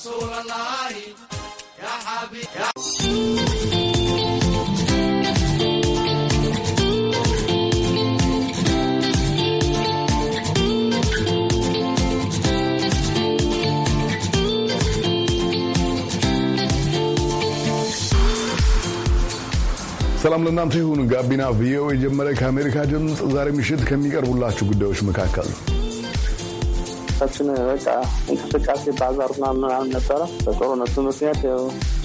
ሰላም ለእናንተ ይሁን። ጋቢና ቪኦኤ የጀመረ ከአሜሪካ ድምፅ ዛሬ ምሽት ከሚቀርቡላችሁ ጉዳዮች መካከል የራሳችን በቃ እንቅስቃሴ ባዛር ምናምን ነበረ። በጦርነቱ ምክንያት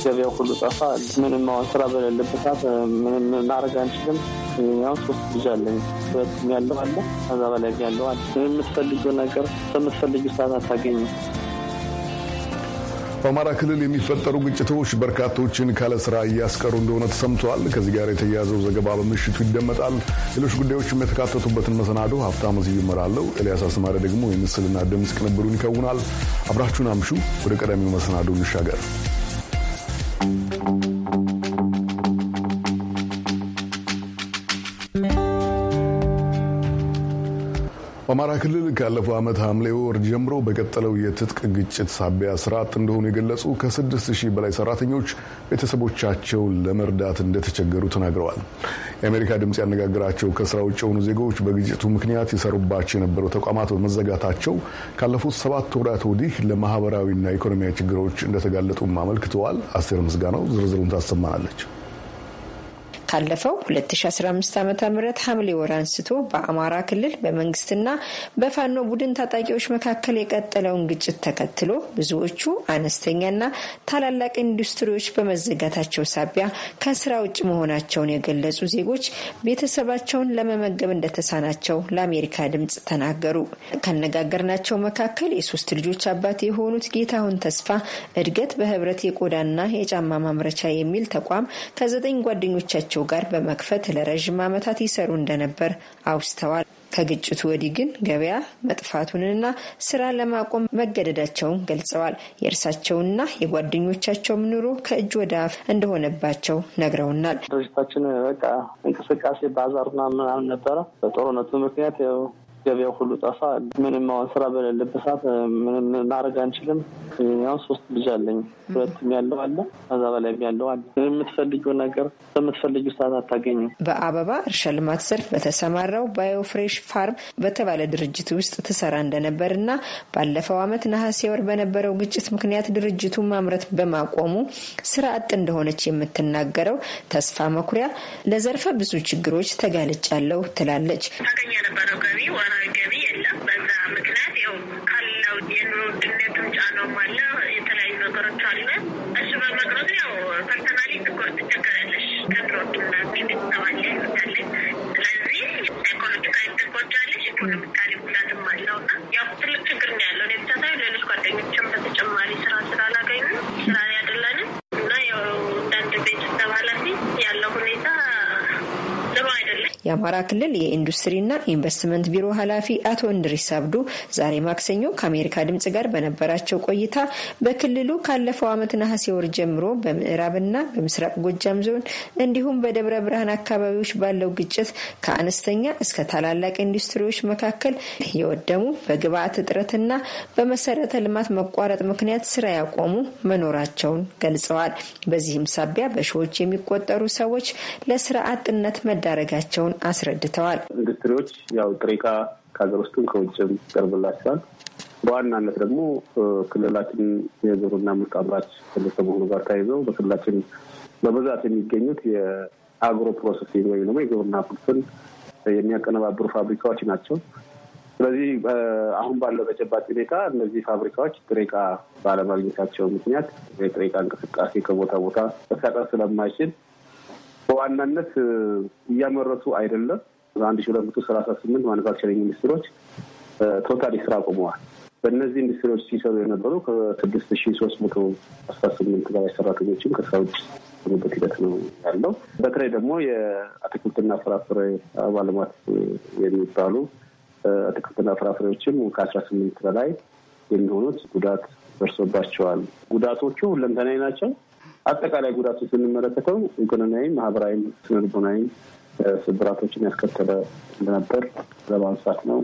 ገበያው ሁሉ ጠፋ። ምንም አሁን ስራ በሌለበታት ምንም ማድረግ አንችልም። ያው ሶስት ልጅ አለኝ። ሁለት ያለው አለ፣ ከዛ በላይ ያለው አለ። የምትፈልጊው ነገር በምትፈልጊው ሰዓት አታገኝም። በአማራ ክልል የሚፈጠሩ ግጭቶች በርካቶችን ካለ ስራ እያስቀሩ እንደሆነ ተሰምተዋል። ከዚህ ጋር የተያያዘው ዘገባ በምሽቱ ይደመጣል። ሌሎች ጉዳዮችም የተካተቱበትን መሰናዶ ሀብታሙ ዝዩ እመራለሁ። ኤልያስ አስማሪ ደግሞ የምስልና ድምፅ ቅንብሩን ይከውናል። አብራችሁን አምሹ። ወደ ቀዳሚው መሰናዶ እንሻገር። አማራ ክልል ካለፈው ዓመት ሐምሌ ወር ጀምሮ በቀጠለው የትጥቅ ግጭት ሳቢያ ስራ አጥ እንደሆኑ የገለጹ ከ6000 በላይ ሰራተኞች ቤተሰቦቻቸው ለመርዳት እንደተቸገሩ ተናግረዋል። የአሜሪካ ድምፅ ያነጋግራቸው ከስራ ውጭ የሆኑ ዜጎች በግጭቱ ምክንያት የሰሩባቸው የነበሩ ተቋማት በመዘጋታቸው ካለፉት ሰባት ወራት ወዲህ ለማህበራዊና ኢኮኖሚያዊ ችግሮች እንደተጋለጡም አመልክተዋል። አስቴር ምስጋናው ዝርዝሩን ታሰማናለች። ካለፈው 2015 ዓ ም ሐምሌ ወር አንስቶ በአማራ ክልል በመንግስትና በፋኖ ቡድን ታጣቂዎች መካከል የቀጠለውን ግጭት ተከትሎ ብዙዎቹ አነስተኛና ታላላቅ ኢንዱስትሪዎች በመዘጋታቸው ሳቢያ ከስራ ውጭ መሆናቸውን የገለጹ ዜጎች ቤተሰባቸውን ለመመገብ እንደተሳናቸው ለአሜሪካ ድምጽ ተናገሩ። ከነጋገርናቸው መካከል የሶስት ልጆች አባት የሆኑት ጌታሁን ተስፋ እድገት በህብረት የቆዳና የጫማ ማምረቻ የሚል ተቋም ከዘጠኝ ጓደኞቻቸው ከራሳቸው ጋር በመክፈት ለረዥም ዓመታት ይሰሩ እንደነበር አውስተዋል። ከግጭቱ ወዲህ ግን ገበያ መጥፋቱንና ስራ ለማቆም መገደዳቸውን ገልጸዋል። የእርሳቸውና የጓደኞቻቸውም ኑሮ ከእጅ ወደ አፍ እንደሆነባቸው ነግረውናል። ድርጅታችን በቃ እንቅስቃሴ ባዛርና ምናምን ነበረ። በጦርነቱ ምክንያት ገበያው ሁሉ ጠፋ። ምንም አሁን ስራ በሌለበት ሰዓት ምንም ማድረግ አንችልም። ያው ሶስት ልጅ አለኝ። ሁለትም ያለው አለ፣ ከዛ በላይም ያለው አለ። የምትፈልጊው ነገር በምትፈልጊው ሰዓት አታገኝም። በአበባ እርሻ ልማት ዘርፍ በተሰማራው ባዮፍሬሽ ፋርም በተባለ ድርጅት ውስጥ ትሰራ እንደነበር እና ባለፈው ዓመት ነሐሴ ወር በነበረው ግጭት ምክንያት ድርጅቱ ማምረት በማቆሙ ስራ አጥ እንደሆነች የምትናገረው ተስፋ መኩሪያ ለዘርፈ ብዙ ችግሮች ተጋልጫለሁ ትላለች። ታገኝ የነበረው ገቢ ገቢ የለም። በዛ ምክንያት ያው ካለው የኑሮ ውድነትም ጫናው አለ፣ የተለያዩ ነገሮች አለ። እሱ በመቅረቱ ያው ፐርሰናሊ ትኮር ትቸገራለሽ። ከድሮና ቤተሰባለ ያለ ስለዚህ ኢኮኖሚካዊ ትጎጃለሽ ኢኮኖሚካ የአማራ ክልል የኢንዱስትሪና ኢንቨስትመንት ቢሮ ኃላፊ አቶ እንድሪስ አብዱ ዛሬ ማክሰኞ ከአሜሪካ ድምጽ ጋር በነበራቸው ቆይታ በክልሉ ካለፈው ዓመት ነሐሴ ወር ጀምሮ በምዕራብና በምስራቅ ጎጃም ዞን እንዲሁም በደብረ ብርሃን አካባቢዎች ባለው ግጭት ከአነስተኛ እስከ ታላላቅ ኢንዱስትሪዎች መካከል የወደሙ በግብአት እጥረትና በመሰረተ ልማት መቋረጥ ምክንያት ስራ ያቆሙ መኖራቸውን ገልጸዋል። በዚህም ሳቢያ በሺዎች የሚቆጠሩ ሰዎች ለስራ አጥነት መዳረጋቸውን አስረድተዋል። ኢንዱስትሪዎች ያው ጥሬ ዕቃ ከሀገር ውስጥም ከውጭም ይቀርብላቸዋል። በዋናነት ደግሞ ክልላችን የግብርና ምርት አምራች ክልል ከመሆኑ ጋር ተያይዘው በክልላችን በብዛት የሚገኙት የአግሮ ፕሮሰሲንግ ወይም ደግሞ የግብርና ምርትን የሚያቀነባብሩ ፋብሪካዎች ናቸው። ስለዚህ አሁን ባለው ተጨባጭ ሁኔታ እነዚህ ፋብሪካዎች ጥሬ ዕቃ ባለማግኘታቸው ምክንያት የጥሬ ዕቃ እንቅስቃሴ ከቦታ ቦታ መሳቀር ስለማይችል በዋናነት እያመረቱ አይደለም። አንድ ሺ ሁለት መቶ ሰላሳ ስምንት ማኑፋክቸሪንግ ኢንዱስትሪዎች ቶታሊ ስራ ቆመዋል። በእነዚህ ኢንዱስትሪዎች ሲሰሩ የነበሩ ከስድስት ሺ ሶስት መቶ አስራ ስምንት በላይ ሰራተኞችም ከስራ ውጭ ሆኑበት ሂደት ነው ያለው። በተለይ ደግሞ የአትክልትና ፍራፍሬ አባልማት የሚባሉ አትክልትና ፍራፍሬዎችም ከአስራ ስምንት በላይ የሚሆኑት ጉዳት ደርሶባቸዋል። ጉዳቶቹ ሁለንተናዊ ናቸው። አጠቃላይ ጉዳቱ ስንመለከተው ኢኮኖሚያዊም፣ ማህበራዊም፣ ስነልቦናዊም ስብራቶችን ያስከተለ እንደነበር ለማንሳት ነው።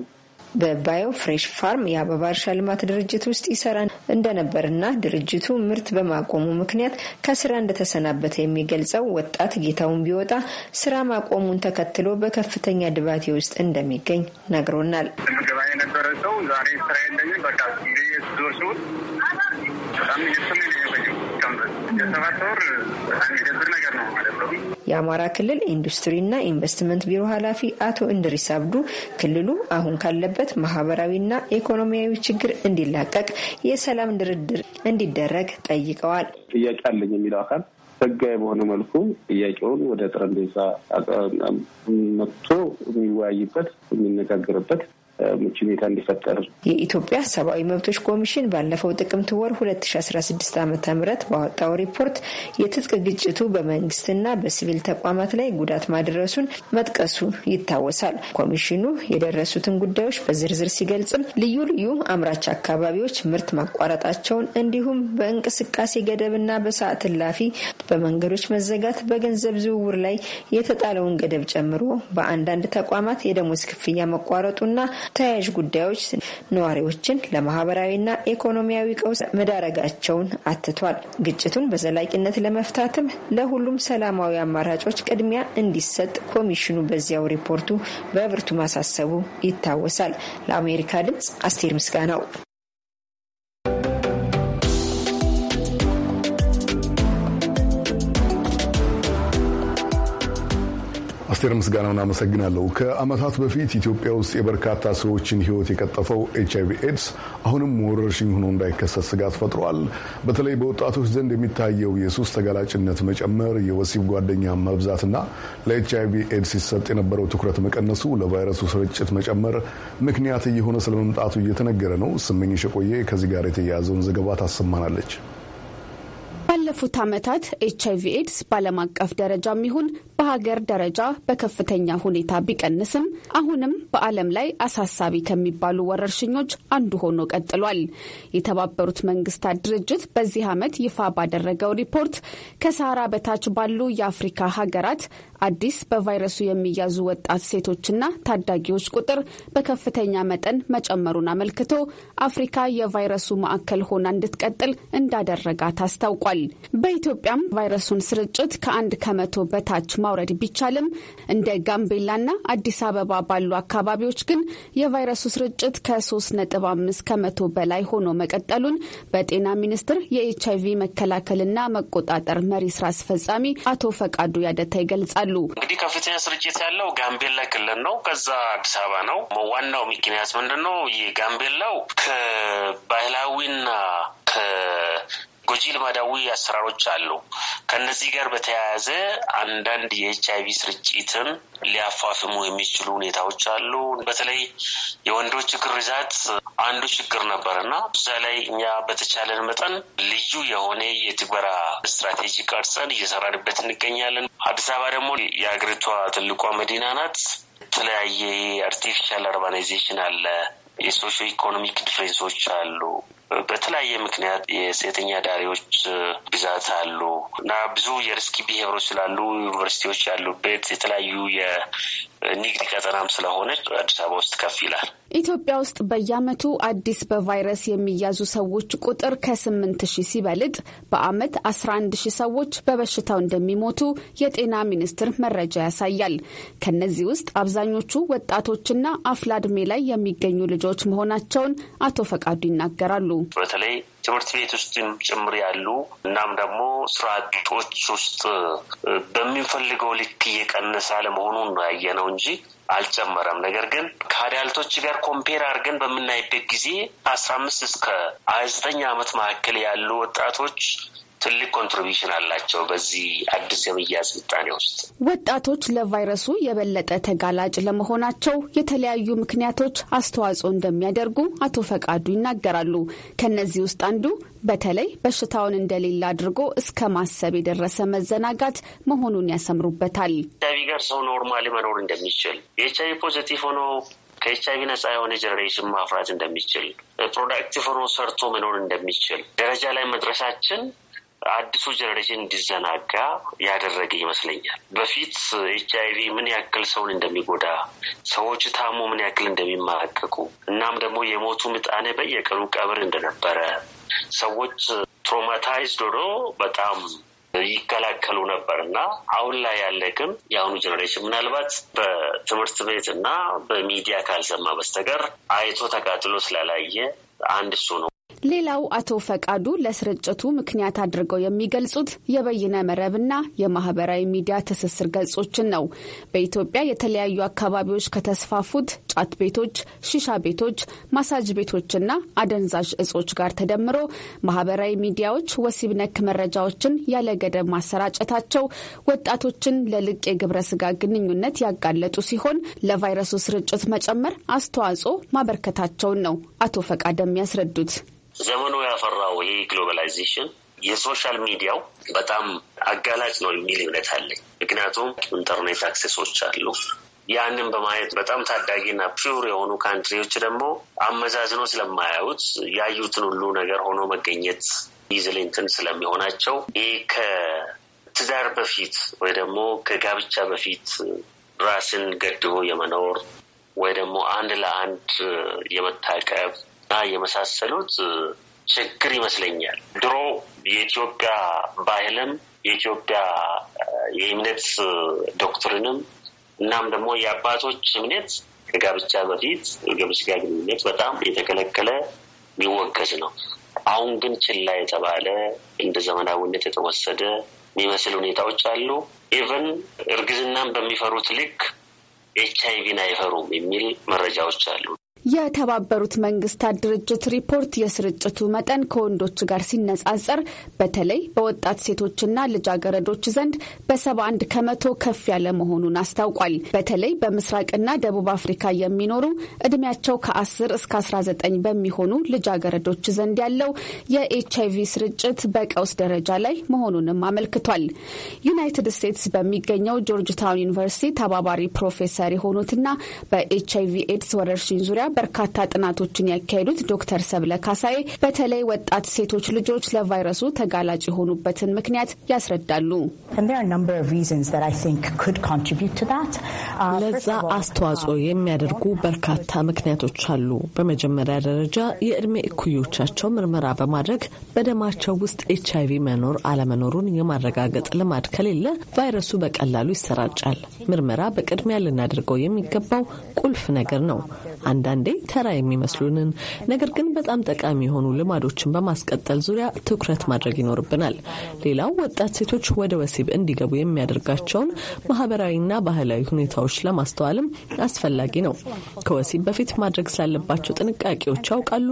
በባዮ ፍሬሽ ፋርም የአበባ እርሻ ልማት ድርጅት ውስጥ ይሰራ እንደነበርና ድርጅቱ ምርት በማቆሙ ምክንያት ከስራ እንደተሰናበተ የሚገልጸው ወጣት ጌታውን ቢወጣ ስራ ማቆሙን ተከትሎ በከፍተኛ ድባቴ ውስጥ እንደሚገኝ ነግሮናል። ገባ የነበረ ሰው ዛሬ ስራ የለኝም በቃ ዙር ሲሆን በጣም የአማራ ክልል ኢንዱስትሪና ኢንቨስትመንት ቢሮ ኃላፊ አቶ እንድሪስ አብዱ ክልሉ አሁን ካለበት ማህበራዊና ኢኮኖሚያዊ ችግር እንዲላቀቅ የሰላም ድርድር እንዲደረግ ጠይቀዋል። ጥያቄ አለኝ የሚለው አካል ህጋዊ በሆነ መልኩ ጥያቄውን ወደ ጠረጴዛ መጥቶ የሚወያይበት የሚነጋገርበት ምቹ ሁኔታ እንዲፈጠር የኢትዮጵያ ሰብአዊ መብቶች ኮሚሽን ባለፈው ጥቅምት ወር 2016 ዓ ም ባወጣው ሪፖርት የትጥቅ ግጭቱ በመንግስትና በሲቪል ተቋማት ላይ ጉዳት ማድረሱን መጥቀሱ ይታወሳል። ኮሚሽኑ የደረሱትን ጉዳዮች በዝርዝር ሲገልጽም ልዩ ልዩ አምራች አካባቢዎች ምርት ማቋረጣቸውን እንዲሁም በእንቅስቃሴ ገደብና በሰዓት እላፊ፣ በመንገዶች መዘጋት፣ በገንዘብ ዝውውር ላይ የተጣለውን ገደብ ጨምሮ በአንዳንድ ተቋማት የደሞዝ ክፍያ መቋረጡና ተያያዥ ጉዳዮች ነዋሪዎችን ለማህበራዊና ኢኮኖሚያዊ ቀውስ መዳረጋቸውን አትቷል። ግጭቱን በዘላቂነት ለመፍታትም ለሁሉም ሰላማዊ አማራጮች ቅድሚያ እንዲሰጥ ኮሚሽኑ በዚያው ሪፖርቱ በብርቱ ማሳሰቡ ይታወሳል። ለአሜሪካ ድምጽ አስቴር ምስጋናው አስቴር ምስጋናውን አመሰግናለሁ። ከአመታት በፊት ኢትዮጵያ ውስጥ የበርካታ ሰዎችን ህይወት የቀጠፈው ኤች አይቪ ኤድስ አሁንም ወረርሽኝ ሆኖ እንዳይከሰት ስጋት ፈጥሯል። በተለይ በወጣቶች ዘንድ የሚታየው የሱስ ተጋላጭነት መጨመር፣ የወሲብ ጓደኛ መብዛትና ለኤች አይቪ ኤድስ ሲሰጥ የነበረው ትኩረት መቀነሱ ለቫይረሱ ስርጭት መጨመር ምክንያት እየሆነ ስለመምጣቱ እየተነገረ ነው። ስመኝሽ የቆየ ከዚህ ጋር የተያያዘውን ዘገባ ታሰማናለች። ባለፉት ዓመታት ኤች አይቪ ኤድስ በዓለም አቀፍ ደረጃም ይሁን በሀገር ደረጃ በከፍተኛ ሁኔታ ቢቀንስም አሁንም በዓለም ላይ አሳሳቢ ከሚባሉ ወረርሽኞች አንዱ ሆኖ ቀጥሏል። የተባበሩት መንግስታት ድርጅት በዚህ ዓመት ይፋ ባደረገው ሪፖርት ከሳራ በታች ባሉ የአፍሪካ ሀገራት አዲስ በቫይረሱ የሚያዙ ወጣት ሴቶችና ታዳጊዎች ቁጥር በከፍተኛ መጠን መጨመሩን አመልክቶ አፍሪካ የቫይረሱ ማዕከል ሆና እንድትቀጥል እንዳደረጋት አስታውቋል። በኢትዮጵያም ቫይረሱን ስርጭት ከአንድ ከመቶ በታች ማ ማውረድ ቢቻልም እንደ ጋምቤላና አዲስ አበባ ባሉ አካባቢዎች ግን የቫይረሱ ስርጭት ከ 5 ከመቶ በላይ ሆኖ መቀጠሉን በጤና ሚኒስቴር የኤች አይቪ መከላከልና መቆጣጠር መሪ ስራ አስፈጻሚ አቶ ፈቃዱ ያደታ ይገልጻሉ። እንግዲህ ከፍተኛ ስርጭት ያለው ጋምቤላ ክልል ነው። ከዛ አዲስ አበባ ነው። ዋናው ምክንያት ምንድን ነው? ይህ ጋምቤላው ከባህላዊና ጎጂ ልማዳዊ አሰራሮች አሉ። ከነዚህ ጋር በተያያዘ አንዳንድ የኤች አይቪ ስርጭትን ሊያፋፍሙ የሚችሉ ሁኔታዎች አሉ። በተለይ የወንዶች ግርዛት አንዱ ችግር ነበር እና እዛ ላይ እኛ በተቻለን መጠን ልዩ የሆነ የትግበራ ስትራቴጂ ቀርጸን እየሰራንበት እንገኛለን። አዲስ አበባ ደግሞ የአገሪቷ ትልቋ መዲና ናት። የተለያየ አርቲፊሻል አርባናይዜሽን አለ። የሶሾ ኢኮኖሚክ ዲፍሬንሶች አሉ። በተለያየ ምክንያት የሴተኛ ዳሪዎች ብዛት አሉ እና ብዙ የሪስኪ ብሄሮች ስላሉ ዩኒቨርሲቲዎች ያሉበት የተለያዩ የንግድ ቀጠናም ስለሆነች አዲስ አበባ ውስጥ ከፍ ይላል። ኢትዮጵያ ውስጥ በየዓመቱ አዲስ በቫይረስ የሚያዙ ሰዎች ቁጥር ከስምንት ሺህ ሲበልጥ በዓመት አስራ አንድ ሺህ ሰዎች በበሽታው እንደሚሞቱ የጤና ሚኒስቴር መረጃ ያሳያል። ከነዚህ ውስጥ አብዛኞቹ ወጣቶችና አፍላ እድሜ ላይ የሚገኙ ልጆች መሆናቸውን አቶ ፈቃዱ ይናገራሉ። በተለይ ትምህርት ቤት ውስጥም ጭምር ያሉ እናም ደግሞ ስራ አጦች ውስጥ በሚፈልገው ልክ እየቀነሰ አለመሆኑን ነው ያየነው እንጂ አልጨመረም። ነገር ግን ከአዳልቶች ጋር ኮምፔር አድርገን በምናይበት ጊዜ አስራ አምስት እስከ ሀያ ዘጠኝ ዓመት መካከል ያሉ ወጣቶች ትልቅ ኮንትሪቢሽን አላቸው በዚህ አዲስ የመያዝ ምጣኔ ውስጥ። ወጣቶች ለቫይረሱ የበለጠ ተጋላጭ ለመሆናቸው የተለያዩ ምክንያቶች አስተዋጽኦ እንደሚያደርጉ አቶ ፈቃዱ ይናገራሉ። ከነዚህ ውስጥ አንዱ በተለይ በሽታውን እንደሌለ አድርጎ እስከ ማሰብ የደረሰ መዘናጋት መሆኑን ያሰምሩበታል። ኤችአይቪ ጋር ሰው ኖርማሊ መኖር እንደሚችል የኤችአይቪ ፖዚቲቭ ሆኖ ከኤችአይቪ ነጻ የሆነ ጀኔሬሽን ማፍራት እንደሚችል፣ ፕሮዳክቲቭ ሆኖ ሰርቶ መኖር እንደሚችል ደረጃ ላይ መድረሳችን አዲሱ ጀኔሬሽን እንዲዘናጋ ያደረገ ይመስለኛል። በፊት ኤች አይቪ ምን ያክል ሰውን እንደሚጎዳ፣ ሰዎች ታሞ ምን ያክል እንደሚማቀቁ እናም ደግሞ የሞቱ ምጣኔ በየቀኑ ቀብር እንደነበረ ሰዎች ትሮማታይዝ ዶዶ በጣም ይከላከሉ ነበር እና አሁን ላይ ያለ ግን የአሁኑ ጀኔሬሽን ምናልባት በትምህርት ቤት እና በሚዲያ ካልሰማ በስተቀር አይቶ ተቃጥሎ ስላላየ አንድ እሱ ነው። ሌላው አቶ ፈቃዱ ለስርጭቱ ምክንያት አድርገው የሚገልጹት የበይነ መረብና የማህበራዊ ሚዲያ ትስስር ገጾችን ነው። በኢትዮጵያ የተለያዩ አካባቢዎች ከተስፋፉት ጫት ቤቶች፣ ሺሻ ቤቶች፣ ማሳጅ ቤቶችና አደንዛዥ እጾች ጋር ተደምሮ ማህበራዊ ሚዲያዎች ወሲብ ነክ መረጃዎችን ያለ ገደብ ማሰራጨታቸው ወጣቶችን ለልቅ የግብረ ስጋ ግንኙነት ያጋለጡ ሲሆን ለቫይረሱ ስርጭት መጨመር አስተዋጽኦ ማበርከታቸውን ነው አቶ ፈቃደ የሚያስረዱት። ዘመኑ ያፈራው ይህ ግሎባላይዜሽን የሶሻል ሚዲያው በጣም አጋላጭ ነው የሚል እምነት አለኝ። ምክንያቱም ኢንተርኔት አክሴሶች አሉ። ያንን በማየት በጣም ታዳጊና ፒውር የሆኑ ካንትሪዎች ደግሞ አመዛዝኖ ስለማያዩት ያዩትን ሁሉ ነገር ሆኖ መገኘት ኢዝሊ ስለሚሆናቸው ይህ ከትዳር በፊት ወይ ደግሞ ከጋብቻ በፊት ራስን ገድቦ የመኖር ወይ ደግሞ አንድ ለአንድ የመታቀብ የመሳሰሉት ችግር ይመስለኛል። ድሮ የኢትዮጵያ ባህልም የኢትዮጵያ የእምነት ዶክትሪንም እናም ደግሞ የአባቶች እምነት ከጋብቻ በፊት የስጋ ግንኙነት በጣም የተከለከለ የሚወገዝ ነው። አሁን ግን ችላ የተባለ እንደ ዘመናዊነት የተወሰደ የሚመስል ሁኔታዎች አሉ። ኢቨን እርግዝናን በሚፈሩት ልክ ኤች አይቪን አይፈሩም የሚል መረጃዎች አሉ። የተባበሩት መንግስታት ድርጅት ሪፖርት የስርጭቱ መጠን ከወንዶች ጋር ሲነጻጸር በተለይ በወጣት ሴቶችና ልጃገረዶች ዘንድ በ71 ከመቶ ከፍ ያለ መሆኑን አስታውቋል። በተለይ በምስራቅና ደቡብ አፍሪካ የሚኖሩ እድሜያቸው ከ10 እስከ 19 በሚሆኑ ልጃገረዶች ዘንድ ያለው የኤች አይቪ ስርጭት በቀውስ ደረጃ ላይ መሆኑንም አመልክቷል። ዩናይትድ ስቴትስ በሚገኘው ጆርጅ ታውን ዩኒቨርሲቲ ተባባሪ ፕሮፌሰር የሆኑትና በኤች አይቪ ኤድስ ወረርሽኝ ዙሪያ በርካታ ጥናቶችን ያካሄዱት ዶክተር ሰብለ ካሳዬ በተለይ ወጣት ሴቶች ልጆች ለቫይረሱ ተጋላጭ የሆኑበትን ምክንያት ያስረዳሉ። uh, ለዛ አስተዋጽኦ uh, የሚያደርጉ በርካታ ምክንያቶች አሉ። በመጀመሪያ ደረጃ የእድሜ እኩዮቻቸው ምርመራ በማድረግ በደማቸው ውስጥ ኤች አይቪ መኖር አለመኖሩን የማረጋገጥ ልማድ ከሌለ ቫይረሱ በቀላሉ ይሰራጫል። ምርመራ በቅድሚያ ልናደርገው የሚገባው ቁልፍ ነገር ነው። አንዳንድ አንዳንዴ ተራ የሚመስሉንን ነገር ግን በጣም ጠቃሚ የሆኑ ልማዶችን በማስቀጠል ዙሪያ ትኩረት ማድረግ ይኖርብናል። ሌላው ወጣት ሴቶች ወደ ወሲብ እንዲገቡ የሚያደርጋቸውን ማህበራዊና ባህላዊ ሁኔታዎች ለማስተዋልም አስፈላጊ ነው። ከወሲብ በፊት ማድረግ ስላለባቸው ጥንቃቄዎች ያውቃሉ?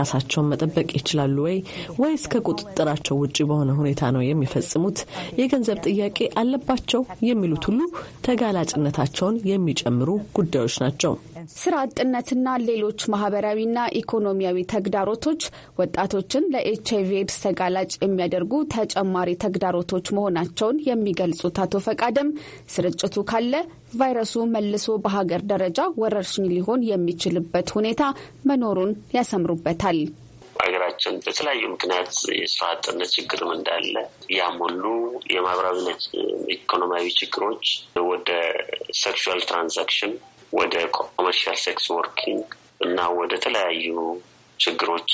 ራሳቸውን መጠበቅ ይችላሉ ወይ? ወይስ ከቁጥጥራቸው ውጭ በሆነ ሁኔታ ነው የሚፈጽሙት? የገንዘብ ጥያቄ አለባቸው? የሚሉት ሁሉ ተጋላጭነታቸውን የሚጨምሩ ጉዳዮች ናቸው። ስራ አጥነትና ሌሎች ማህበራዊና ኢኮኖሚያዊ ተግዳሮቶች ወጣቶችን ለኤች አይቪ ኤድስ ተጋላጭ የሚያደርጉ ተጨማሪ ተግዳሮቶች መሆናቸውን የሚገልጹት አቶ ፈቃደም ስርጭቱ ካለ ቫይረሱ መልሶ በሀገር ደረጃ ወረርሽኝ ሊሆን የሚችልበት ሁኔታ መኖሩን ያሰምሩበታል። ሀገራችን በተለያዩ ምክንያት የስራ አጥነት ችግርም እንዳለ ያም ሁሉ የማህበራዊነት ኢኮኖሚያዊ ችግሮች ወደ ሴክሹዋል ትራንዛክሽን ወደ ኮመርሻል ሴክስ ወርኪንግ እና ወደ ተለያዩ ችግሮች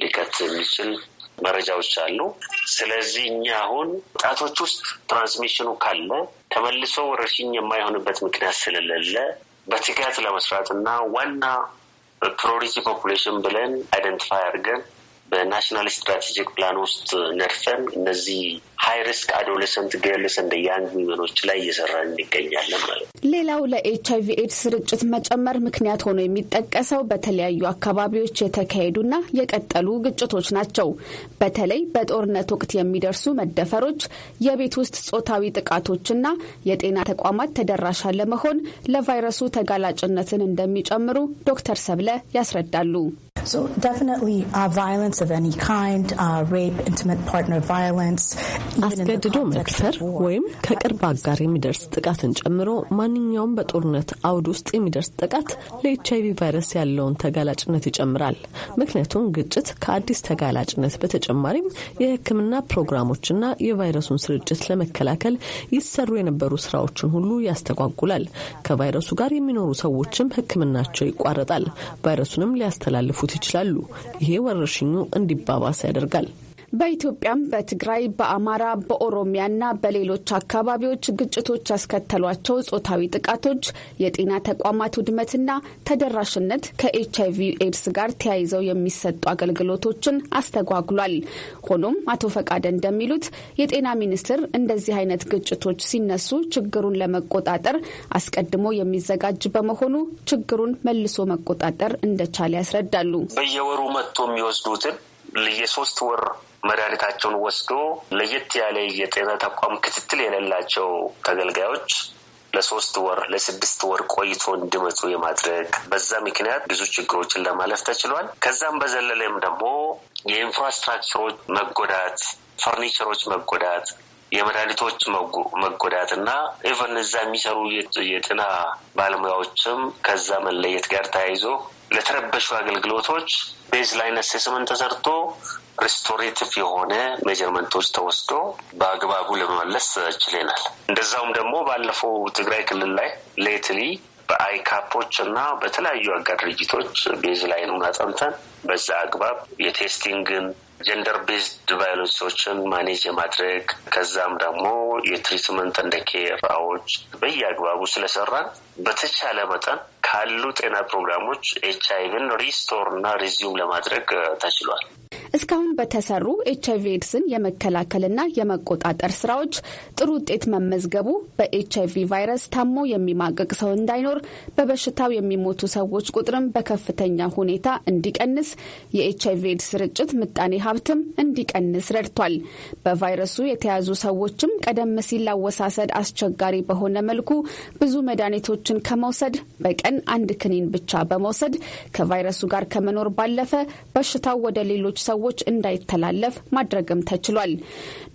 ሊከት የሚችል መረጃዎች አሉ። ስለዚህ እኛ አሁን ወጣቶች ውስጥ ትራንስሚሽኑ ካለ ተመልሶ ወረርሽኝ የማይሆንበት ምክንያት ስለሌለ በትጋት ለመስራት እና ዋና ፕሪዮሪቲ ፖፑሌሽን ብለን አይደንቲፋይ አድርገን በናሽናል ስትራቴጂክ ፕላን ውስጥ ነድፈን እነዚህ ሀይ ሪስክ አዶለሰንት ገርልስ እንደ ያንግ ሚመኖች ላይ እየሰራ እንገኛለን ማለት ነው። ሌላው ለኤች አይቪ ኤድስ ስርጭት መጨመር ምክንያት ሆኖ የሚጠቀሰው በተለያዩ አካባቢዎች የተካሄዱና የቀጠሉ ግጭቶች ናቸው። በተለይ በጦርነት ወቅት የሚደርሱ መደፈሮች፣ የቤት ውስጥ ጾታዊ ጥቃቶችና የጤና ተቋማት ተደራሽ ለመሆን ለቫይረሱ ተጋላጭነትን እንደሚጨምሩ ዶክተር ሰብለ ያስረዳሉ። So definitely uh, violence of any kind, uh, rape, intimate partner violence. አስገድዶ መድፈር ወይም ከቅርብ አጋር የሚደርስ ጥቃትን ጨምሮ ማንኛውም በጦርነት አውድ ውስጥ የሚደርስ ጥቃት ለኤች አይቪ ቫይረስ ያለውን ተጋላጭነት ይጨምራል። ምክንያቱም ግጭት ከአዲስ ተጋላጭነት በተጨማሪም የሕክምና ፕሮግራሞችና የቫይረሱን ስርጭት ለመከላከል ይሰሩ የነበሩ ስራዎችን ሁሉ ያስተጓጉላል። ከቫይረሱ ጋር የሚኖሩ ሰዎችም ሕክምናቸው ይቋረጣል። ቫይረሱንም ሊያስተላልፉት ሊያጠቁት ይችላሉ። ይሄ ወረርሽኙ እንዲባባስ ያደርጋል። በኢትዮጵያም በትግራይ በአማራ በኦሮሚያና በሌሎች አካባቢዎች ግጭቶች ያስከተሏቸው ጾታዊ ጥቃቶች፣ የጤና ተቋማት ውድመትና ተደራሽነት ከኤች አይቪ ኤድስ ጋር ተያይዘው የሚሰጡ አገልግሎቶችን አስተጓጉሏል። ሆኖም አቶ ፈቃደ እንደሚሉት የጤና ሚኒስቴር እንደዚህ አይነት ግጭቶች ሲነሱ ችግሩን ለመቆጣጠር አስቀድሞ የሚዘጋጅ በመሆኑ ችግሩን መልሶ መቆጣጠር እንደቻለ ያስረዳሉ። በየወሩ መጥቶ የሚወስዱትን ለየሶስት ወር መድኃኒታቸውን ወስዶ ለየት ያለ የጤና ተቋም ክትትል የሌላቸው ተገልጋዮች ለሶስት ወር ለስድስት ወር ቆይቶ እንዲመጡ የማድረግ በዛ ምክንያት ብዙ ችግሮችን ለማለፍ ተችሏል። ከዛም በዘለለም ደግሞ የኢንፍራስትራክቸሮች መጎዳት፣ ፈርኒቸሮች መጎዳት፣ የመድኃኒቶች መጎዳት እና ኢቨን እዛ የሚሰሩ የጤና ባለሙያዎችም ከዛ መለየት ጋር ተያይዞ ለተረበሹ አገልግሎቶች ቤዝ ላይን አሴስመንት ተሰርቶ ሪስቶሬቲቭ የሆነ ሜጀርመንቶች ተወስዶ በአግባቡ ለመመለስ ችለናል። እንደዛውም ደግሞ ባለፈው ትግራይ ክልል ላይ ሌትሊ በአይካፖች እና በተለያዩ አጋር ድርጅቶች ቤዝ ላይኑን አጠንተን በዛ አግባብ የቴስቲንግን ጀንደር ቤዝድ ቫዮለንሶችን ማኔጅ የማድረግ ከዛም ደግሞ የትሪትመንት እንደ ኬራዎች በየአግባቡ ስለሰራን በተቻለ መጠን ካሉ ጤና ፕሮግራሞች ኤች አይቪን ሪስቶር እና ሪዚዩም ለማድረግ ተችሏል። እስካሁን በተሰሩ ኤች አይቪ ኤድስን የመከላከልና የመቆጣጠር ስራዎች ጥሩ ውጤት መመዝገቡ በኤች አይቪ ቫይረስ ታሞ የሚማቀቅ ሰው እንዳይኖር፣ በበሽታው የሚሞቱ ሰዎች ቁጥርም በከፍተኛ ሁኔታ እንዲቀንስ፣ የኤች አይቪ ኤድስ ስርጭት ምጣኔ ሀብትም እንዲቀንስ ረድቷል። በቫይረሱ የተያዙ ሰዎችም ቀደም ሲል ላወሳሰድ አስቸጋሪ በሆነ መልኩ ብዙ መድኃኒቶችን ከመውሰድ በቀ በቀን አንድ ክኒን ብቻ በመውሰድ ከቫይረሱ ጋር ከመኖር ባለፈ በሽታው ወደ ሌሎች ሰዎች እንዳይተላለፍ ማድረግም ተችሏል።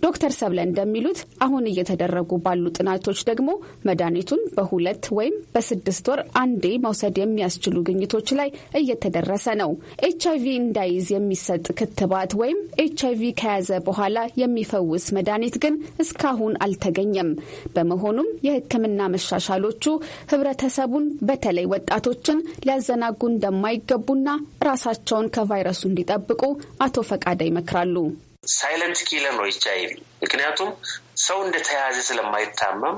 ዶክተር ሰብለ እንደሚሉት አሁን እየተደረጉ ባሉ ጥናቶች ደግሞ መድኃኒቱን በሁለት ወይም በስድስት ወር አንዴ መውሰድ የሚያስችሉ ግኝቶች ላይ እየተደረሰ ነው። ኤች አይቪ እንዳይዝ የሚሰጥ ክትባት ወይም ኤች ቪ ከያዘ በኋላ የሚፈውስ መድኃኒት ግን እስካሁን አልተገኘም። በመሆኑም የሕክምና መሻሻሎቹ ህብረተሰቡን በተለይ ወጣቶችን ሊያዘናጉ እንደማይገቡና ራሳቸውን ከቫይረሱ እንዲጠብቁ አቶ ፈቃደ ይመክራሉ። ሳይለንት ኪለር ነው ኤች ምክንያቱም ሰው እንደተያያዘ ስለማይታመም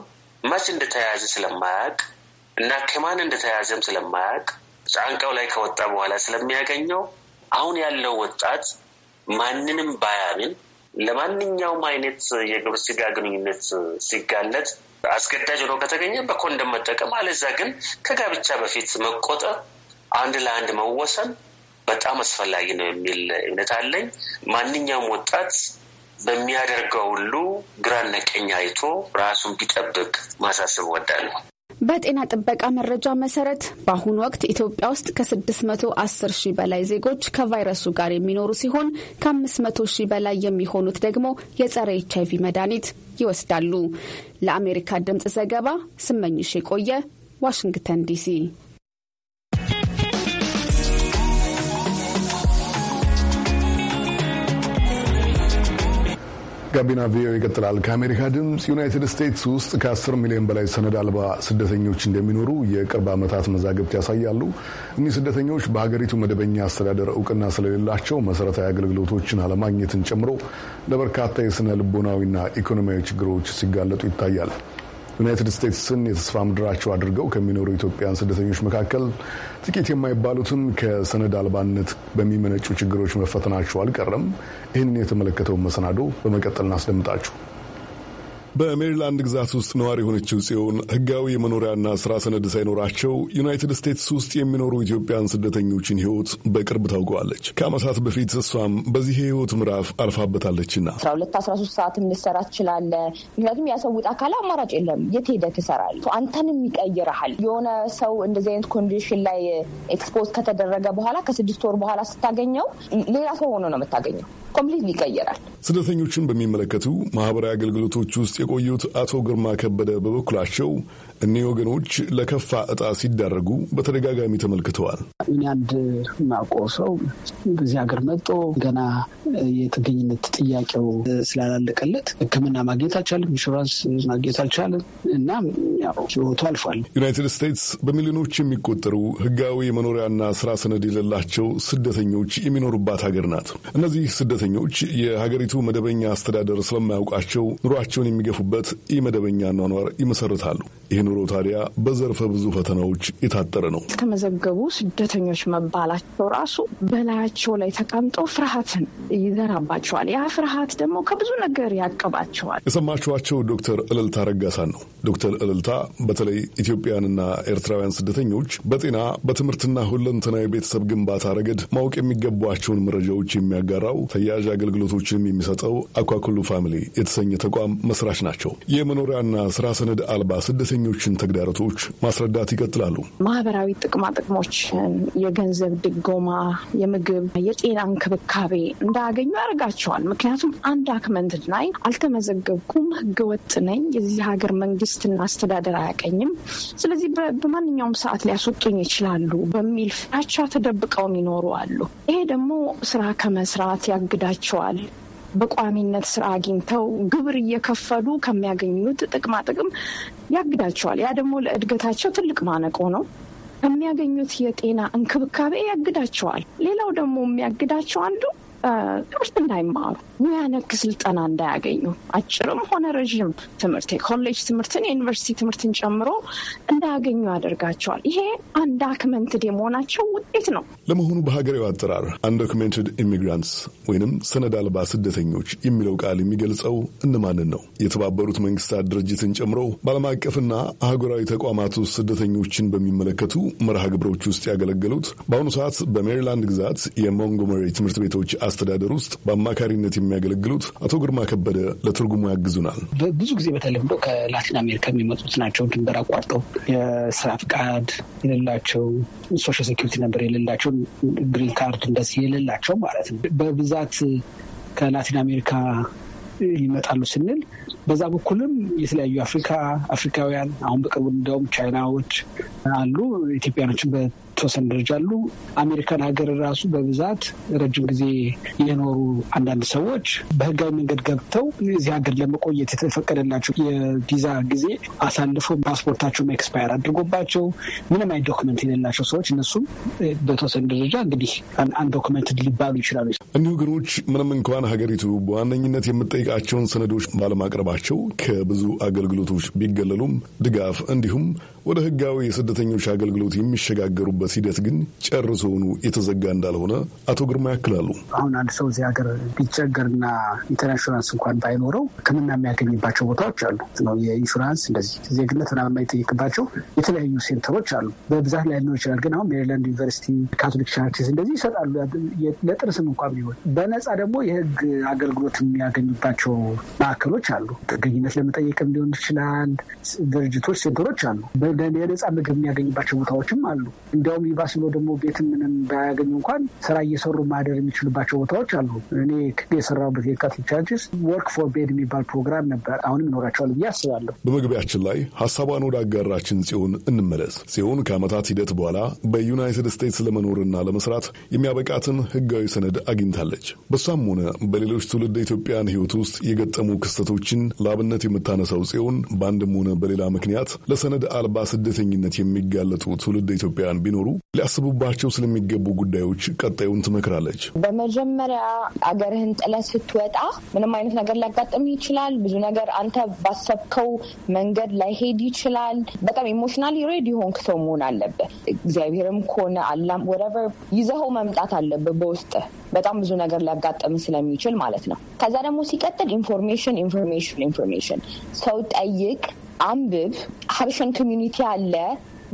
መች እንደተያያዘ ስለማያውቅ እና ከማን እንደተያያዘም ስለማያውቅ ጫንቃው ላይ ከወጣ በኋላ ስለሚያገኘው አሁን ያለው ወጣት ማንንም ባያምን ለማንኛውም አይነት የግብረ ስጋ ግንኙነት ሲጋለጥ አስገዳጅ ሆኖ ከተገኘ በኮንደም መጠቀም፣ አለዛ ግን ከጋብቻ በፊት መቆጠር አንድ ለአንድ መወሰን በጣም አስፈላጊ ነው የሚል እምነት አለኝ። ማንኛውም ወጣት በሚያደርገው ሁሉ ግራና ቀኝ አይቶ ራሱን ቢጠብቅ ማሳሰብ እወዳለሁ። በጤና ጥበቃ መረጃ መሰረት በአሁኑ ወቅት ኢትዮጵያ ውስጥ ከ610 ሺህ በላይ ዜጎች ከቫይረሱ ጋር የሚኖሩ ሲሆን ከ500 ሺህ በላይ የሚሆኑት ደግሞ የጸረ ኤች አይቪ መድኃኒት ይወስዳሉ። ለአሜሪካ ድምፅ ዘገባ ስመኝሽ የቆየ ዋሽንግተን ዲሲ። ጋቢና ቪኦኤ ይቀጥላል። ከአሜሪካ ድምፅ ዩናይትድ ስቴትስ ውስጥ ከ10 ሚሊዮን በላይ ሰነድ አልባ ስደተኞች እንደሚኖሩ የቅርብ ዓመታት መዛግብት ያሳያሉ። እኒህ ስደተኞች በሀገሪቱ መደበኛ አስተዳደር እውቅና ስለሌላቸው መሰረታዊ አገልግሎቶችን አለማግኘትን ጨምሮ ለበርካታ የስነ ልቦናዊና ኢኮኖሚያዊ ችግሮች ሲጋለጡ ይታያል። ዩናይትድ ስቴትስን የተስፋ ምድራቸው አድርገው ከሚኖሩ ኢትዮጵያን ስደተኞች መካከል ጥቂት የማይባሉትም ከሰነድ አልባነት በሚመነጩ ችግሮች መፈተናቸው አልቀረም። ይህንን የተመለከተውን መሰናዶ በመቀጠል እናስደምጣችሁ። በሜሪላንድ ግዛት ውስጥ ነዋሪ የሆነችው ጽዮን ህጋዊ የመኖሪያና ስራ ሰነድ ሳይኖራቸው ዩናይትድ ስቴትስ ውስጥ የሚኖሩ ኢትዮጵያን ስደተኞችን ህይወት በቅርብ ታውቀዋለች። ከአመሳት በፊት እሷም በዚህ የህይወት ምዕራፍ አልፋበታለችና አስራ ሁለት አስራ ሶስት ሰዓት ልሰራ ትችላለ። ምክንያቱም ያሰውጥ አካል አማራጭ የለም። የት ሄደ ትሰራል። አንተንም ይቀይረሃል። የሆነ ሰው እንደዚህ አይነት ኮንዲሽን ላይ ኤክስፖዝ ከተደረገ በኋላ ከስድስት ወር በኋላ ስታገኘው ሌላ ሰው ሆኖ ነው የምታገኘው። ኮምፕሊት ይቀየራል። ስደተኞችን በሚመለከቱ ማህበራዊ አገልግሎቶች ውስጥ የቆዩት አቶ ግርማ ከበደ በበኩላቸው እኒህ ወገኖች ለከፋ እጣ ሲዳረጉ በተደጋጋሚ ተመልክተዋል። እኔ አንድ ማቆ ሰው በዚህ ሀገር መጦ ገና የጥገኝነት ጥያቄው ስላላለቀለት ሕክምና ማግኘት አልቻለም፣ ኢንሹራንስ ማግኘት አልቻለም እና ህይወቱ አልፏል። ዩናይትድ ስቴትስ በሚሊዮኖች የሚቆጠሩ ህጋዊ የመኖሪያና ስራ ሰነድ የሌላቸው ስደተኞች የሚኖሩባት ሀገር ናት። እነዚህ ስደተኞች የሀገሪቱ መደበኛ አስተዳደር ስለማያውቃቸው ኑሯቸውን የሚገፉበት ኢ መደበኛ ኗኗር ይመሰርታሉ። ይህ ኑሮ ታዲያ በዘርፈ ብዙ ፈተናዎች የታጠረ ነው። የተመዘገቡ ስደተኞች መባላቸው ራሱ በላያቸው ላይ ተቀምጦ ፍርሃትን ይዘራባቸዋል። ያ ፍርሃት ደግሞ ከብዙ ነገር ያቀባቸዋል። የሰማችኋቸው ዶክተር እልልታ ረጋሳን ነው። ዶክተር እልልታ በተለይ ኢትዮጵያንና ኤርትራውያን ስደተኞች በጤና በትምህርትና ሁለንተና የቤተሰብ ግንባታ ረገድ ማወቅ የሚገባቸውን መረጃዎች የሚያጋራው ተያያዥ አገልግሎቶችንም የሚሰጠው አኳኩሉ ፋሚሊ የተሰኘ ተቋም መስራች ናቸው። የመኖሪያና ስራ ሰነድ አልባ ስደተኞ የስደተኞችን ተግዳሮቶች ማስረዳት ይቀጥላሉ። ማህበራዊ ጥቅማ ጥቅሞችን፣ የገንዘብ ድጎማ፣ የምግብ የጤና እንክብካቤ እንዳያገኙ ያደርጋቸዋል። ምክንያቱም አንድ አክመንት ላይ አልተመዘገብኩም፣ ህገወጥ ነኝ፣ የዚህ ሀገር መንግስትና አስተዳደር አያቀኝም፣ ስለዚህ በማንኛውም ሰዓት ሊያስወጡኝ ይችላሉ በሚል ፍራቻ ተደብቀው ይኖሩ አሉ። ይሄ ደግሞ ስራ ከመስራት ያግዳቸዋል። በቋሚነት ስራ አግኝተው ግብር እየከፈሉ ከሚያገኙት ጥቅማ ጥቅም ያግዳቸዋል። ያ ደግሞ ለእድገታቸው ትልቅ ማነቆ ነው። ከሚያገኙት የጤና እንክብካቤ ያግዳቸዋል። ሌላው ደግሞ የሚያግዳቸው አንዱ ትምህርት እንዳይማሩ ሙያ ነክ ስልጠና እንዳያገኙ አጭርም ሆነ ረዥም ትምህርት የኮሌጅ ትምህርትን የዩኒቨርሲቲ ትምህርትን ጨምሮ እንዳያገኙ ያደርጋቸዋል። ይሄ አንዳክመንትድ የመሆናቸው ውጤት ነው። ለመሆኑ በሀገሬው አጠራር አንዶክመንትድ ኢሚግራንትስ ወይንም ሰነድ አልባ ስደተኞች የሚለው ቃል የሚገልጸው እነማንን ነው? የተባበሩት መንግስታት ድርጅትን ጨምሮ በዓለም አቀፍና አህጉራዊ ተቋማት ውስጥ ስደተኞችን በሚመለከቱ መርሃ ግብሮች ውስጥ ያገለገሉት በአሁኑ ሰዓት በሜሪላንድ ግዛት የሞንጎመሪ ትምህርት ቤቶች አስተዳደር ውስጥ በአማካሪነት የሚያገለግሉት አቶ ግርማ ከበደ ለትርጉሙ ያግዙናል። ብዙ ጊዜ በተለምዶ ከላቲን አሜሪካ የሚመጡት ናቸው። ድንበር አቋርጠው የስራ ፍቃድ የሌላቸው፣ ሶሻል ሴኩሪቲ ነበር የሌላቸው፣ ግሪን ካርድ እንደዚህ የሌላቸው ማለት ነው። በብዛት ከላቲን አሜሪካ ይመጣሉ ስንል በዛ በኩልም የተለያዩ አፍሪካ አፍሪካውያን አሁን በቅርቡ እንደውም ቻይናዎች አሉ ኢትዮጵያኖችን በተወሰነ ደረጃ አሉ። አሜሪካን ሀገር ራሱ በብዛት ረጅም ጊዜ የኖሩ አንዳንድ ሰዎች በህጋዊ መንገድ ገብተው እዚህ ሀገር ለመቆየት የተፈቀደላቸው የቪዛ ጊዜ አሳልፎ ፓስፖርታቸውም ኤክስፓየር አድርጎባቸው ምንም አይ ዶክመንት የሌላቸው ሰዎች እነሱም በተወሰነ ደረጃ እንግዲህ አንድ ዶክመንት ሊባሉ ይችላሉ። እኒሁ ወገኖች ምንም እንኳን ሀገሪቱ በዋነኝነት የምጠይቃቸውን ሰነዶች ባለማቅረባቸው ከብዙ አገልግሎቶች ቢገለሉም ድጋፍ እንዲሁም ወደ ህጋዊ የስደተኞች አገልግሎት የሚሸጋገሩበት ሂደት ግን ጨርሶውኑ የተዘጋ እንዳልሆነ አቶ ግርማ ያክላሉ። አሁን አንድ ሰው እዚህ ሀገር ቢቸገርና ኢንሹራንስ እንኳን ባይኖረው ሕክምና የሚያገኝባቸው ቦታዎች አሉ ነው የኢንሹራንስ እንደዚህ ዜግነት ምናምን የማይጠይቅባቸው የተለያዩ ሴንተሮች አሉ። በብዛት ላይኖር ይችላል፣ ግን አሁን ሜሪላንድ ዩኒቨርሲቲ፣ ካቶሊክ ቻሪቲስ እንደዚህ ይሰጣሉ። ለጥርስም እንኳ ቢሆን በነፃ ደግሞ የህግ አገልግሎት የሚያገኙባቸው ማዕከሎች አሉ። ጥገኝነት ለመጠየቅም ሊሆን ይችላል ድርጅቶች፣ ሴንተሮች አሉ። የነፃ ምግብ የሚያገኝባቸው ቦታዎችም አሉ። እንዲያውም ይባስ ብሎ ደግሞ ቤት ምንም ባያገኙ እንኳን ስራ እየሰሩ ማደር የሚችሉባቸው ቦታዎች አሉ። እኔ የሰራሁበት የካቶሊክ ቻርችስ ወርክ ፎር ቤድ የሚባል ፕሮግራም ነበር። አሁንም ይኖራቸዋል ብዬ አስባለሁ። በመግቢያችን ላይ ሀሳቧን ወደ አጋራችን ጽዮን እንመለስ። ጽዮን ከዓመታት ሂደት በኋላ በዩናይትድ ስቴትስ ለመኖርና ለመስራት የሚያበቃትን ህጋዊ ሰነድ አግኝታለች። በሷም ሆነ በሌሎች ትውልድ ኢትዮጵያን ህይወት ውስጥ የገጠሙ ክስተቶችን ለአብነት የምታነሳው ጽዮን በአንድም ሆነ በሌላ ምክንያት ለሰነድ አልባ ስደተኝነት የሚጋለጡ ትውልድ ኢትዮጵያውያን ቢኖሩ ሊያስቡባቸው ስለሚገቡ ጉዳዮች ቀጣዩን ትመክራለች። በመጀመሪያ አገርህን ጥለ ስትወጣ ምንም አይነት ነገር ሊያጋጥም ይችላል። ብዙ ነገር አንተ ባሰብከው መንገድ ላይሄድ ይችላል። በጣም ኢሞሽናል ሬዲ ሆንክ ሰው መሆን አለበ እግዚአብሔርም ከሆነ አላም ወረቨር ይዘኸው መምጣት አለብህ በውስጥ በጣም ብዙ ነገር ሊያጋጥም ስለሚችል ማለት ነው። ከዛ ደግሞ ሲቀጥል ኢንፎርሜሽን ኢንፎርሜሽን ኢንፎርሜሽን ሰው ጠይቅ አንብብ። ሀበሻን ኮሚኒቲ አለ።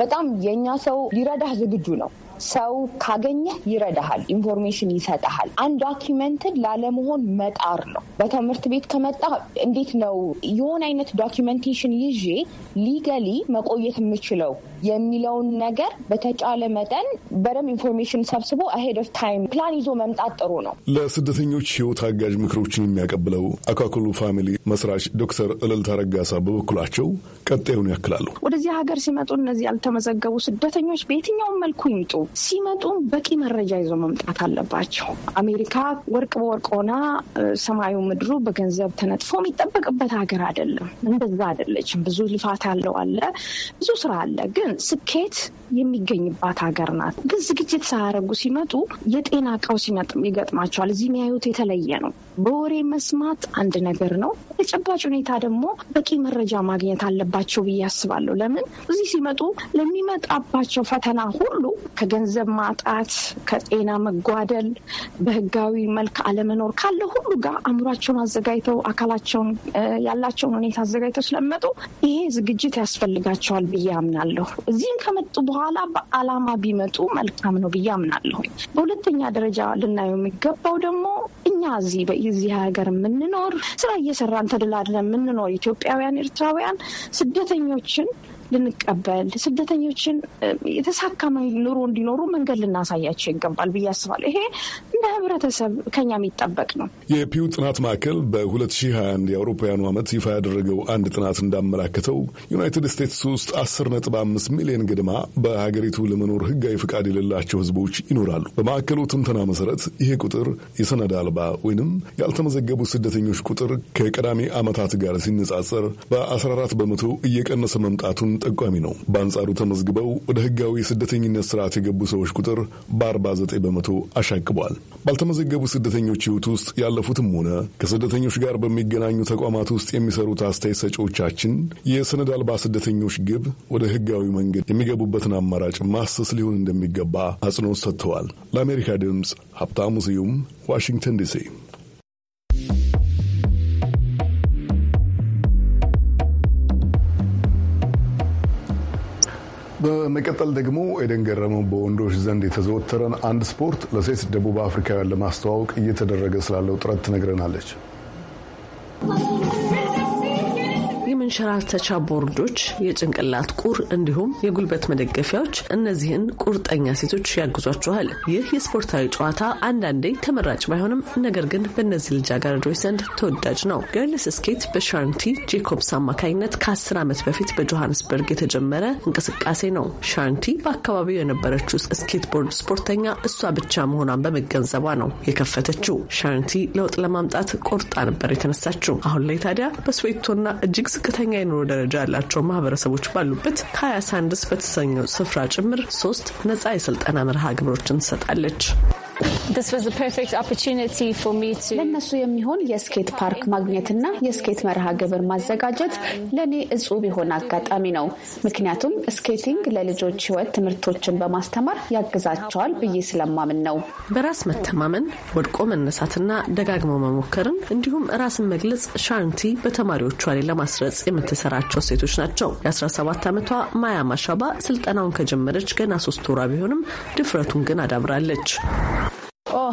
በጣም የእኛ ሰው ሊረዳህ ዝግጁ ነው። ሰው ካገኘህ ይረዳሃል፣ ኢንፎርሜሽን ይሰጠሃል። አንድ ዶኪመንትን ላለመሆን መጣር ነው። በትምህርት ቤት ከመጣ እንዴት ነው የሆነ አይነት ዶኪመንቴሽን ይዤ ሊገሊ መቆየት የምችለው የሚለውን ነገር በተጫለ መጠን በደንብ ኢንፎርሜሽን ሰብስቦ አሄድ ኦፍ ታይም ፕላን ይዞ መምጣት ጥሩ ነው። ለስደተኞች ህይወት አጋዥ ምክሮችን የሚያቀብለው አካክሉ ፋሚሊ መስራች ዶክተር እልልታ ረጋሳ በበኩላቸው ቀጣዩን ያክላሉ። ወደዚህ ሀገር ሲመጡ እነዚህ ያልተመዘገቡ ስደተኞች በየትኛውም መልኩ ይምጡ፣ ሲመጡ በቂ መረጃ ይዞ መምጣት አለባቸው። አሜሪካ ወርቅ በወርቅ ሆና ሰማዩ ምድሩ በገንዘብ ተነጥፎ የሚጠበቅበት ሀገር አይደለም። እንደዛ አይደለችም። ብዙ ልፋት ያለው አለ፣ ብዙ ስራ አለ ግን ስኬት የሚገኝባት ሀገር ናት። ግን ዝግጅት ሳያደርጉ ሲመጡ የጤና ቀውስ ይገጥማቸዋል። እዚህ የሚያዩት የተለየ ነው። በወሬ መስማት አንድ ነገር ነው። ተጨባጭ ሁኔታ ደግሞ በቂ መረጃ ማግኘት አለባቸው ብዬ አስባለሁ። ለምን እዚህ ሲመጡ ለሚመጣባቸው ፈተና ሁሉ ከገንዘብ ማጣት፣ ከጤና መጓደል፣ በህጋዊ መልክ አለመኖር ካለ ሁሉ ጋር አእምሯቸውን አዘጋጅተው አካላቸውን ያላቸውን ሁኔታ አዘጋጅተው ስለሚመጡ ይሄ ዝግጅት ያስፈልጋቸዋል ብዬ አምናለሁ። እዚህም ከመጡ በኋላ በአላማ ቢመጡ መልካም ነው ብዬ አምናለሁ። በሁለተኛ ደረጃ ልናየው የሚገባው ደግሞ እዚህ በዚህ ሀገር የምንኖር ስራ እየሰራን ተደላድለን የምንኖር ኢትዮጵያውያን ኤርትራውያን ስደተኞችን ልንቀበል ስደተኞችን የተሳካ ኑሮ እንዲኖሩ መንገድ ልናሳያቸው ይገባል ብዬ አስባለሁ። ይሄ እንደ ህብረተሰብ ከኛ የሚጠበቅ ነው። የፒው ጥናት ማዕከል በ2021 የአውሮፓውያኑ ዓመት ይፋ ያደረገው አንድ ጥናት እንዳመላከተው ዩናይትድ ስቴትስ ውስጥ 5 ሚሊዮን ገድማ በሀገሪቱ ለመኖር ህጋዊ ፈቃድ የሌላቸው ህዝቦች ይኖራሉ። በማዕከሉ ትንተና መሰረት ይሄ ቁጥር የሰነድ አልባ ወይንም ያልተመዘገቡ ስደተኞች ቁጥር ከቀዳሚ ዓመታት ጋር ሲነጻጸር በ14 በመቶ እየቀነሰ መምጣቱን ጠቋሚ ነው። በአንጻሩ ተመዝግበው ወደ ህጋዊ የስደተኝነት ስርዓት የገቡ ሰዎች ቁጥር በ49 በመቶ አሻቅቧል። ባልተመዘገቡ ስደተኞች ህይወት ውስጥ ያለፉትም ሆነ ከስደተኞች ጋር በሚገናኙ ተቋማት ውስጥ የሚሰሩት አስተያየት ሰጪዎቻችን የሰነድ አልባ ስደተኞች ግብ ወደ ህጋዊ መንገድ የሚገቡበትን አማራጭ ማሰስ ሊሆን እንደሚገባ አጽንኦት ሰጥተዋል። ለአሜሪካ ድምፅ ሀብታሙ ስዩም ዋሽንግተን ዲሲ በመቀጠል ደግሞ ኤደን ገረመው በወንዶች ዘንድ የተዘወተረን አንድ ስፖርት ለሴት ደቡብ አፍሪካውያን ለማስተዋወቅ እየተደረገ ስላለው ጥረት ትነግረናለች። የመንሸራተቻ ቦርዶች፣ የጭንቅላት ቁር እንዲሁም የጉልበት መደገፊያዎች እነዚህን ቁርጠኛ ሴቶች ያግዟችኋል። ይህ የስፖርታዊ ጨዋታ አንዳንዴ ተመራጭ ባይሆንም ነገር ግን በእነዚህ ልጃገረዶች ዘንድ ተወዳጅ ነው። ገርልስ ስኬት በሻርንቲ ጄኮብስ አማካኝነት ከ10 ዓመት በፊት በጆሃንስበርግ የተጀመረ እንቅስቃሴ ነው። ሻርንቲ በአካባቢው የነበረችው ስኬት ቦርድ ስፖርተኛ እሷ ብቻ መሆኗን በመገንዘቧ ነው የከፈተችው። ሻርንቲ ለውጥ ለማምጣት ቆርጣ ነበር የተነሳችው። አሁን ላይ ታዲያ በስዌቶና እጅግ ዝቅተኛ ዝቅተኛ የኑሮ ደረጃ ያላቸው ማህበረሰቦች ባሉበት ከሀያ ሳንድስ በተሰኘው ስፍራ ጭምር ሶስት ነጻ የስልጠና መርሃ ግብሮችን ትሰጣለች። ለእነሱ የሚሆን የስኬት ፓርክ ማግኘትና የስኬት መርሃ ግብር ማዘጋጀት ለእኔ እጹብ የሆነ አጋጣሚ ነው። ምክንያቱም ስኬቲንግ ለልጆች ሕይወት ትምህርቶችን በማስተማር ያግዛቸዋል ብዬ ስለማምን ነው። በራስ መተማመን፣ ወድቆ መነሳትና ደጋግሞ መሞከርን እንዲሁም ራስን መግለጽ ሻንቲ በተማሪዎቿ ላይ ለማስረጽ የምትሰራቸው ሴቶች ናቸው። የ17 ዓመቷ ማያ ማሻባ ስልጠናውን ከጀመረች ገና ሶስት ወሯ ቢሆንም ድፍረቱን ግን አዳብራለች። Oh,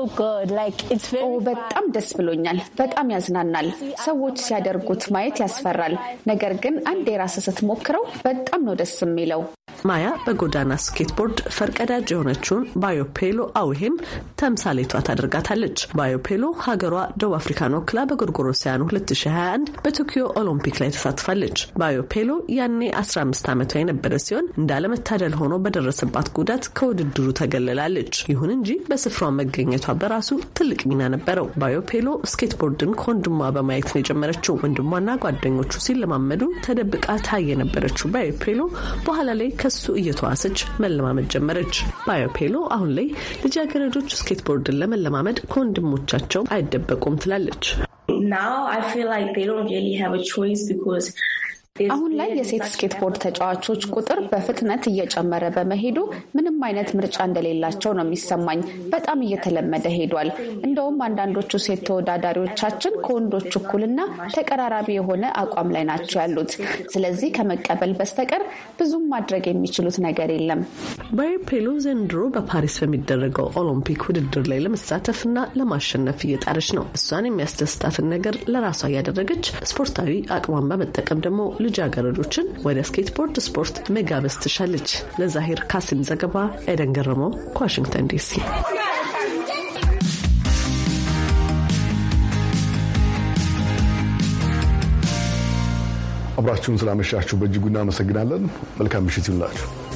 oh, በጣም ደስ ብሎኛል። በጣም ያዝናናል። ሰዎች ሲያደርጉት ማየት ያስፈራል። ነገር ግን አንድ የራስ ስትሞክረው በጣም ነው ደስ የሚለው። ማያ በጎዳና ስኬትቦርድ ፈርቀዳጅ የሆነችውን ባዮፔሎ አውሄም ተምሳሌቷ ታደርጋታለች። ባዮፔሎ ሀገሯ ደቡብ አፍሪካን ወክላ በጎርጎሮሲያኑ 2021 በቶኪዮ ኦሎምፒክ ላይ ተሳትፋለች። ባዮፔሎ ያኔ 15 ዓመቷ የነበረ ሲሆን እንዳለመታደል ሆኖ በደረሰባት ጉዳት ከውድድሩ ተገለላለች። ይሁን እንጂ እንጂ በስፍራው መገኘቷ በራሱ ትልቅ ሚና ነበረው። ባዮፔሎ ስኬትቦርድን ከወንድሟ በማየት ነው የጀመረችው። ወንድሟና ጓደኞቹ ሲለማመዱ ተደብቃ ታይ የነበረችው ባዮፔሎ በኋላ ላይ ከሱ እየተዋሰች መለማመድ ጀመረች። ባዮፔሎ አሁን ላይ ልጃገረዶች ስኬትቦርድን ለመለማመድ ከወንድሞቻቸው አይደበቁም ትላለች። Now I feel like they don't really have a choice because አሁን ላይ የሴት ስኬትቦርድ ተጫዋቾች ቁጥር በፍጥነት እየጨመረ በመሄዱ ምንም አይነት ምርጫ እንደሌላቸው ነው የሚሰማኝ። በጣም እየተለመደ ሄዷል። እንደውም አንዳንዶቹ ሴት ተወዳዳሪዎቻችን ከወንዶች እኩልና ተቀራራቢ የሆነ አቋም ላይ ናቸው ያሉት። ስለዚህ ከመቀበል በስተቀር ብዙም ማድረግ የሚችሉት ነገር የለም። ባሪ ዘንድሮ በፓሪስ በሚደረገው ኦሎምፒክ ውድድር ላይ ለመሳተፍና ለማሸነፍ እየጣረች ነው። እሷን የሚያስደስታትን ነገር ለራሷ እያደረገች ስፖርታዊ አቅሟን በመጠቀም ደግሞ ልጃገረዶችን ወደ ስኬትቦርድ ስፖርት መጋበዝ ትሻለች። ለዛሄር ካሲም ዘገባ ኤደን ገረመው ከዋሽንግተን ዲሲ። አብራችሁን ስላመሻችሁ በእጅጉ እናመሰግናለን። መልካም ምሽት ይሁንላችሁ።